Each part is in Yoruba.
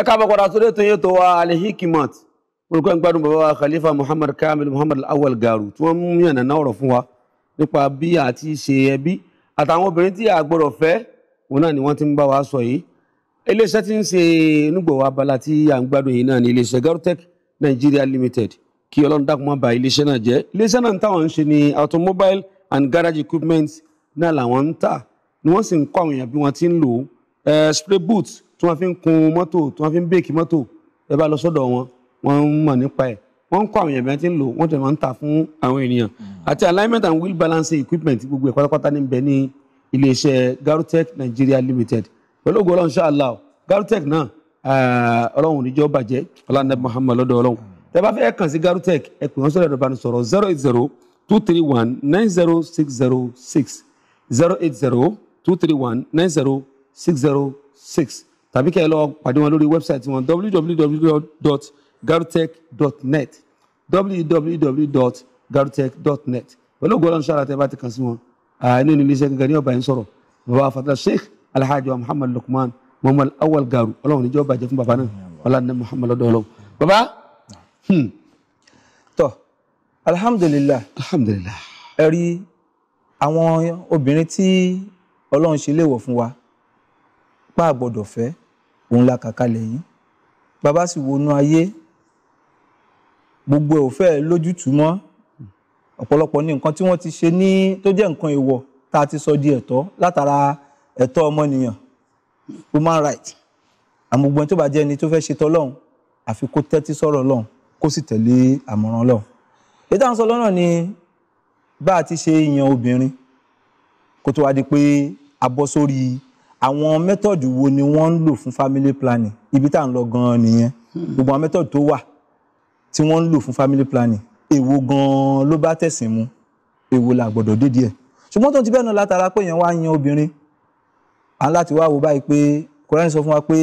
ẹ káàbọ̀ padà sórí ètò yẹn tó wa Al-Hikmat orúkọ ìgbádùn bàbá wa Khalifa Muhammad Kamil Muhammad Awal Garu tí wọ́n mú yànnà náà ọ̀rọ̀ fún wa nípa bí àti ṣe ẹbí àtàwọn obìnrin tí a fẹ́ òun náà ni wọ́n ti ń bá wa sọ yìí iléeṣẹ́ tí ń ṣe onígbọ̀wọ́ abala tí à ń gbádùn yìí náà ni iléeṣẹ́ Garutech Nigeria Limited kí ọlọ́run dákun má bà iléeṣẹ́ náà jẹ́ iléeṣẹ́ náà ń táwọn ń ṣe ni automobile and garage equipment náà làwọn ń tà ni wọ́n sì ń kọ́ àwọn èèyàn bí wọ́n ti ń lò ó spray boots tí wọ́n fi ń kun mọ́tò tí wọ́n fi ń bèèkì mọ́tò ẹ bá lọ sọ́dọ̀ wọn wọ́n ń mọ̀ nípa ẹ̀ wọ́n ń kọ́ àwọn èèyàn bí wọ́n ti ń lò wọ́n tẹ̀ máa ń tà fún àwọn ènìyàn àti alignment and wheel balance equipment gbogbo ẹ̀ pátápátá ní bẹ ní iléeṣẹ́ Garutech Nigeria Limited pẹ̀lú ògo ọlọ́run ṣáàlà Garutech náà eh, ọlọ́run níjọ́ bàjẹ́ ọlọ́run Muhammad lọ́dọ̀ ọlọ́run tẹ́ bá fẹ́ kàn sí Garutech ẹ pè wọ́n sọ̀rọ̀ ẹ̀rọ ìbánisọ̀rọ̀ zero eight zero two three one nine zero six zero six zero eight zero two three one nine zero six zero six tàbí kẹ́ ẹ lọ pàdé wọn lórí wẹ́bsáìtì wọn www.garutech.net www.garutech.net pẹ̀lú ògbọ́n ọlọ́run ṣára tẹ́ bá ti kàn sí wọn inú ní iléeṣẹ́ gẹ́gẹ́ ní ọba yẹn sọ̀rọ̀ bàbá fatah sheikh alhaji muhammad lukman muhammad awal garu ọlọ́run níjọ́ bàjẹ́ fún bàbá náà ọlọ́run muhammad ọdọ́ọlọ́wọ́ bàbá. Hmm. tọ alhamdulilah alhamdulilah ẹ rí àwọn obìnrin tí ọlọ́run ṣe léèwọ̀ fún wa pa àgbọ̀dọ̀ fẹ́ òun la kà kalẹ̀ yìí bàbá sì wọnú ayé gbogbo ẹ̀ ò fẹ́ lójútùú mọ́ ọ̀pọ̀lọpọ̀ ní nǹkan tí wọ́n ti ṣe ní tó jẹ́ nǹkan èèwọ̀ tá a ti sọ di ẹ̀tọ́ látara ẹ̀tọ́ ọmọnìyàn human right àmúgbọ́n tó bá jẹ́ ẹni tó fẹ́ ṣe tọ́lọ́hún àfi kó tẹ́tí sọ̀rọ̀ lọ́hún kó sì tẹ̀lé àmọ̀ràn lọ́hún ètò àwọn sọ lọ́nà ni bá a ti ṣe yan obìnrin kó tó wá di pé a bọ́ sórí àwọn method wo ni wọ́n ń lò fún family planning ibi tá à ń lọ gan-an nìyẹn hmm. gbogbo àwọn method tó wà tí wọ́n ń lò fún family planning èwo gan-an ló bá tẹ̀sìn mu èwo la gbọ́dọ̀ dédìí ẹ̀ ṣùgbọ́n tó ti bẹ́ẹ̀ náà látara pé èèyàn wá yan obìnrin à ń láti wá wo báyìí pé Kùránì sọ fún wa pé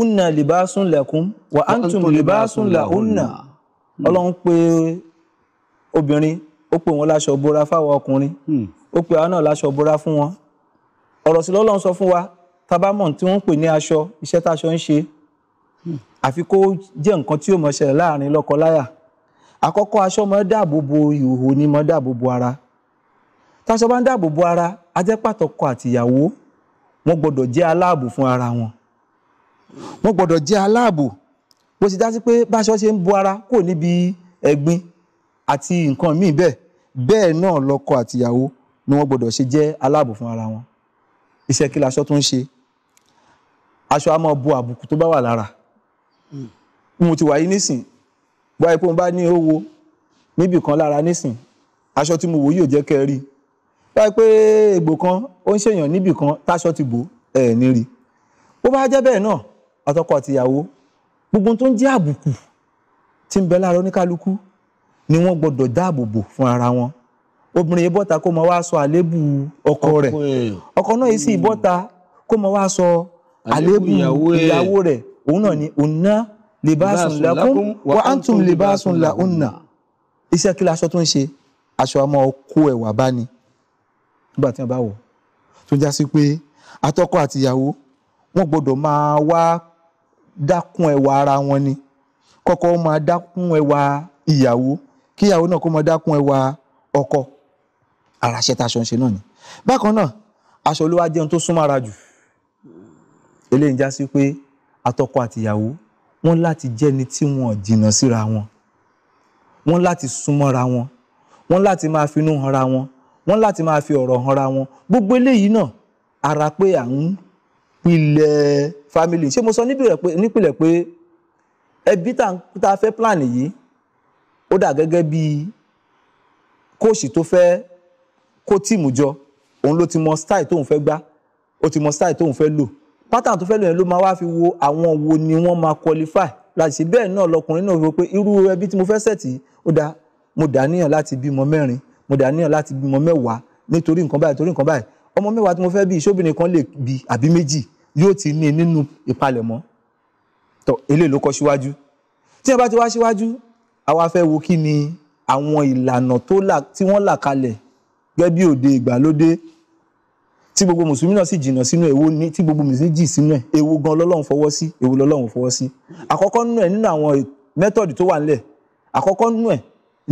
unna libasun lakum wa antum libasun lahunna hmm. ọlọ́run pé obìnrin ó pè wọ́n láṣọ bora fáwọn ọkùnrin hmm. ó pè àwọn náà láṣọ bora fún wọn ọ̀rọ̀ sí lọ́lọ́run sọ fún wa tábàmọ̀ tí wọ́n ń pè ní aṣọ iṣẹ́ táṣọ ń ṣe àfi kó jẹ́ nǹkan tí yóò mọ̀ ṣẹlẹ̀ láàrin lọ́kọ-láyà àkọ́kọ́ aṣọ máa dáàbò bo ìhòòhò ni máa dáàbò bo ara táṣọ bá ń dáàbò bo ara ajẹ́pàtọ́kọ àtìyàwó wọ́n gbọ́dọ̀ jẹ́ aláàbò fún ara wọn wọ́n gbọ́dọ̀ jẹ́ aláàbò bó ti dá sí pé báṣọ ṣe ń bo ara kò níbi ẹ̀gbin àti nǹkan míì bẹ́ẹ̀ bẹ́ẹ̀ náà lọ́kọ àtìyàwó ni wọ́n gbọ́dọ̀ ṣe jẹ́ aláàbò fún ara wọn iṣẹ́ kí laṣọ tó ń ṣe aṣọ á máa bo àbùkù tó bá wà lára mo ti wà yí nísìn bá ipò ń bá ní owó níbì kan lára nísìn aṣọ tí mo wò yóò jẹ́ kẹ́ rí bá pé egbò kan ó ń ṣèyàn níbì kan táṣọ ti bò ẹ̀ ní rí bá jẹ́ bẹ́ẹ̀ náà àtọkọ àtìyàwó gbogbo tó ń jẹ́ àbùkù tí ń bẹ lára oníkálukú ni wọ́n gbọ́dọ̀ dáàbò bò fún ara wọn obìnrin yìí bọ́ta kó mọ wá sọ àlébù ọkọ rẹ̀ ọkọ náà yìí sì hmm. bọ́ta kó mọ wá sọ àlébù ìyàwó rẹ̀ òun náà ni ònà libasun lakum wa antum libasun lahunna iṣẹ́ kí laṣọ tó ń ṣe aṣọ àmọ́ kó ẹ̀wà bá ni nígbà tí wọ́n bá wọ̀ tó já sí pé atọ́kọ àtìyàwó wọ́n gbọ́dọ̀ máa wá dákun ẹwà ara wọn ni kọ́kọ́ máa dákun ẹwà ìyàwó kíyàwó náà kó máa dákun ẹwà ọkọ ara ṣẹ́ tá aṣọ ń ṣe náà ni bákan náà aṣọ olówó jẹ́ ohun tó súnmọ́ ara jù eléyìí já sí pé atọ́kọ àtìyàwó wọ́n láti jẹ́ni tí wọ́n jìnnà síra wọn wọ́n láti súnmọ́ra wọn wọ́n láti máa finú hanra wọn wọ́n láti máa fi ọ̀rọ̀ hanra wọn gbogbo eléyìí náà ara pé à ń pilẹ̀ family ṣé mo sọ nípìnlẹ̀ pé ẹbí tá a fẹ́ plan yìí ó dà gẹ́gẹ́ bí kóòsì tó fẹ́ kó tíìmù jọ òun ló ti mọ style tóun fẹ́ gbá ó ti mọ style tóun fẹ́ lò pátá tó fẹ́ lò yẹn ló máa wá fi wo àwọn wo ni wọ́n máa qualify láti ṣe bẹ́ẹ̀ náà lọkùnrin náà rò pé irú ẹbí tí mo fẹ́ sẹ̀tì ó da mo dà níyàn láti bímọ mẹ́rin mo dà níyàn láti bímọ mẹ́wàá nítorí nǹkan báyìí nítorí nǹkan báyìí ọmọ mẹ́wàá tí mo fẹ́ bí ìṣóbìnrin kan lè bí àbí méjì yóò ti ní nínú ìpalẹ̀mọ́ tọ eléyìí ló kọ síwájú tí wọ́n bá ti wá síwájú àwa fẹ́ wo kí ni àwọn ìlànà tí wọ́n là kalẹ̀ gẹ́gẹ́ bí òde ìgbàlódé tí gbogbo mùsùlùmí náà sì jìnnà sínú èwo ní tí gbogbo mùsùlùmí jì sínú ẹ̀ èwo gan lọ́lọ́run fọwọ́ sí èwo lọ́lọ́run fọwọ́ sí àkọ́kọ́ nínú ẹ̀ nínú àwọn mẹ́tọ̀dì tó wà ńlẹ̀ àkọ́kọ́ nínú ẹ̀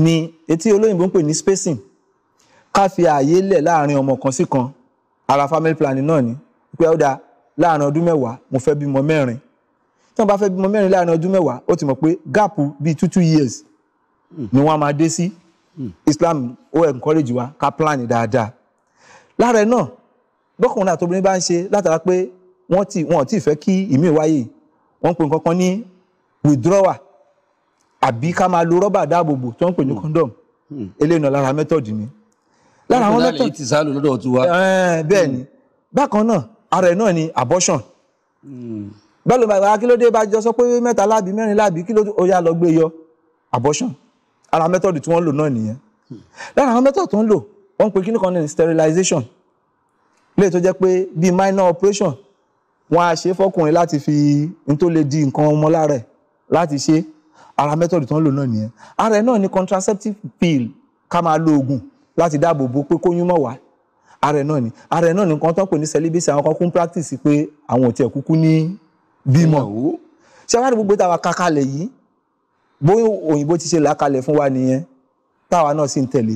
ni etí olóyìnbó ń pè ní spacing ká fi ààyè lẹ̀ láàrin ọmọ kan sí kan ara family planning náà ni pé ó dáa láàrin ọdún mẹ́wàá mo fẹ́ bímọ mẹ́rin tí wọ́n bá fẹ́ bímọ mẹ́rin láàrin ọdún mẹ́wàá ó ti mọ̀ pé gáàpù bíi two two years ni wọ́n á máa dé sí Islam ó encourage wa ká plan dáadáa lára ẹ náà bọ́kùnrin àtobìnrin bá ń ṣe látara pé wọ́n ti wọ́n ti fẹ́ kí ìmí wáyé wọ́n ń pè nǹkan kan ní withdrawal àbí ká máa lo rọ́bà dáàbòbò tó ń pè ní hmm. condom hmm. eléyìí náà lára method ni. lára àwọn method ti sálò lọ́dọ̀ tí wá. Eh, bẹ́ẹ̀ ni bákan náà ara ẹ̀ náà ni abortion. Hmm. bẹ́ẹ̀ ló bá kí ló dé bá jọ sọ pé mẹ́ta lábí mẹ́rin lábí kí ló ó lọ gbé e yọ abortion ara mẹ́tọ̀dù tí wọ́n lò náà nìyẹn lára àwọn mẹ́tọ̀dù tó ń lò wọ́n pe kíní kan ní sterilization léè tó jẹ́ pé bíi minor operation wọ́n á ṣe fọ́kùnrin láti fi n tó lè di nǹkan ọmọ lára ẹ̀ láti ṣe ara mẹ́tọ̀dù tó ń lò náà nìyẹn ara ẹ̀ náà ni contraceptive pill ká máa lo oògùn láti dáàbò bo pé kóyún mọ̀ wá ara ẹ̀ náà ni ara ẹ̀ náà ni nǹkan tó ń pè ní celibacy àwọn kan kún practice pé àwọn ò tiẹ̀ kúkú ní bímọ ṣé wàá rí gbogbo ìtawà kakalẹ̀ yìí bó òyìnbó ti ṣe làákalẹ̀ fún wa nìyẹn táwa náà sì ń tẹ̀lé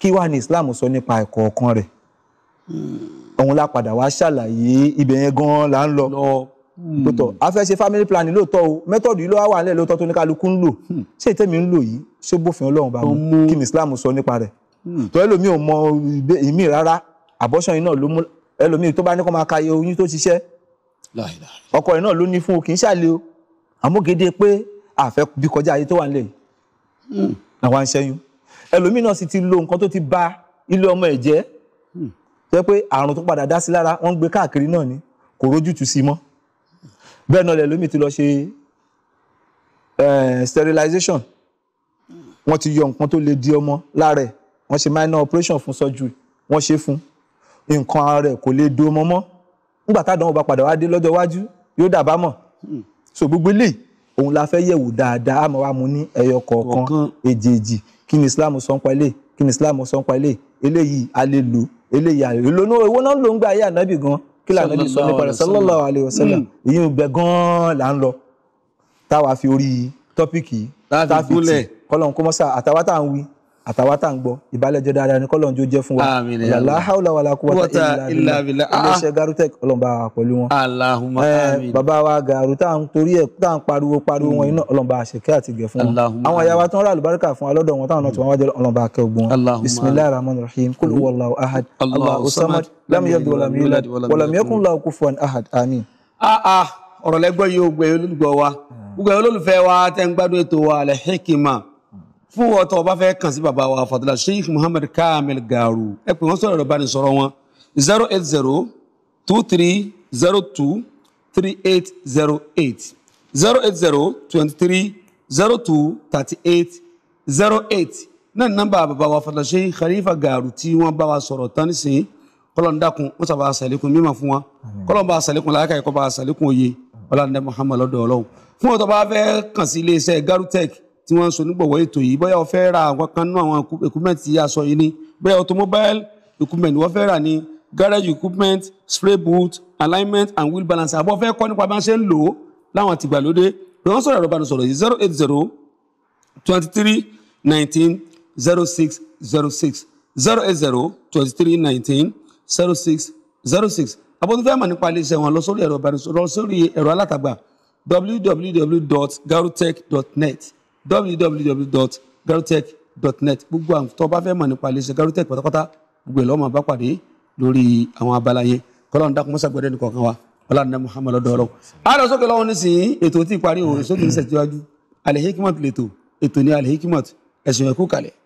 kí wàá ní Islam sọ nípa ẹ̀kọ́ ọ̀kan rẹ̀ òun la padà wá ṣàlàyé ibẹ̀ yẹn gan-an là ń lọ hmm. lóòótọ́ a fẹ́ ṣe family plan lóòótọ́ o method yìí ló wà nílẹ̀ lóòótọ́ tó ní kálukú ń lò hmm. ṣé ìtẹ́mi ń lò yìí ṣé bófin Ọlọ́run bá mu kí ni Islam sọ nípa rẹ̀ hmm. tọ́ ẹlòmíì ò mọ ìmí rárá abortion yìí náà ló mú ẹlòmíì tó bá ní kó máa ka iye oyún tó ṣiṣẹ́ ọkọ yìí náà ló ní fún o kì í ṣàlè o àmúgede pé àfẹ́ bí kọjá ayé tó wà nílẹ̀ yìí làwọn hmm. à ń ṣẹ́yún ẹlòmíì náà sì ti lo nǹkan tó ti ba ilé ọmọ ẹ̀ jẹ́ hmm. jẹ́ pé àrùn tó padà dá sí lára wọ́n ń gbé káàkiri náà ni kò rójútùú sí mọ́ bẹ́ẹ̀ náà lẹ́lòmíì ti lọ ṣe eh, sterilization hmm. wọ́n ti yọ nǹkan tó le di ọmọ lára ẹ̀ wọ́n ṣe minor operation fún surgery wọ́n ṣe fún nǹkan ara ẹ̀ kò le do ọmọ mọ́ nígbà táwọn ọba padà wá dé lọ́jọ́ iwájú yóò dàbámọ̀ so gbogbo eléyìí òun la fẹ́ yẹ̀wò dáadáa àmọ́ wa mu ní ẹyọ kọ̀ọ̀kan èjèèjì kí ni Islam sọ ń pa eléyìí kí ni Islam sọ ń pa eléyìí eléyìí a lè lò eléyìí a lè lò lónà owó náà ló ń gbé ayé ànábì gan kí lànà bí sọ nípa rẹ̀ sallallahu alaihi wasallam hmm. èyí ń bẹ gan là ń lọ táwa fi orí tọ́píìkì táfi tì kọ́lọ́n àtàwátà ń wí àtàwa tá à ń gbọ́ ìbálẹ̀jọ́ dáadáa ní kọ́lọ́n jó jẹ́ fún wa làlá haúlà wà lákú wọ́tá ilà bìlà iléeṣẹ́ garutech ọlọ́mba pẹ̀lú wọn. Eh, bàbá wa garu tá à ń torí ẹ̀ tá à ń pariwo pariwo wọn hmm. iná ọlọ́mba àṣekẹ́ àti gẹ̀ fún wọn. àwọn ìyá wa tó ń ra àlùbáríkà fún wa lọ́dọ̀ wọn táwọn náà ti wọn wájú ọlọ́mba akẹ́ bisimilayi rahman rahim kul hmm. huwallahu ahad ahad amin. Ah, ah. ọ̀rọ̀ lẹ́gbọ́n yóò gbẹ olólùgbọ́ wa hmm. gbogbo olólùfẹ́ fún ọtọ ọba fẹ́ kàn sí bàbá wa fàtàlà sheikh muhammed kamil garu ẹ pè wọ́n sọ̀rọ̀ ẹ̀rọ ìbánisọ̀rọ̀ wọn zero eight zero two three zero two three eight zero eight zero eight zero twenty three zero two thirty eight zero eight náà ní nọ́mbà bàbá wa fàtàlà sheikh khalifa garu tí wọ́n bá wa sọ̀rọ̀ tán nísìnyí kọlọ́n dákun ó sábà sàlékún mímọ̀ fún wa kọlọ́n bá sàlékun láàkà ẹ̀kọ́ bá sàlékun òye ọlọ́dẹ muhammed lọ́dọ̀ fún ọtọ́ bá fẹ́ kàn sí iléeṣẹ́ garutech tí wọ́n ń so nígbọ̀wọ́ ètò yìí bóyá o fẹ́ ra àwọn kan nú àwọn equipment tí a sọ yìí ni bóyá automobile equipment wọ́n fẹ́ rà ní garage equipment spray boot alignment and wheel balance àbọ̀ fẹ́ kọ́ nípa bá ń ṣe ń lò ó láwọn àtìgbàlódé pé wọ́n sọ̀rọ̀ ìrọ̀bà sọ̀rọ̀ zero eight zero twenty three nineteen zero six zero six zero eight zero twenty three nineteen zero six zero six àbọ̀ tó fẹ́ mọ̀ nípa iléeṣẹ́ wọn lọ sórí ẹ̀rọ alátagbà www.garutech.net www.garotech.net gbogbo àwọn tó bá fẹ́ mọ̀ nípa iléeṣẹ́ garotech pátápátá gbogbo ẹ̀ lọ́mọ bá pàdé lórí àwọn abala yẹn kọ́lọ́run dákun mọ́sá gbọ́dẹ́ nìkan kan wa ọlọ́run muhammed ọdọọrọ. a lọ sókè lọ́wọ́ nísìnyí ètò tí ì parí òun èso tí ń ṣètìwájú Al Hikmat lẹ́tọ̀ ètò ní Al Hikmat ẹ̀sìn ẹ̀kú kalẹ̀.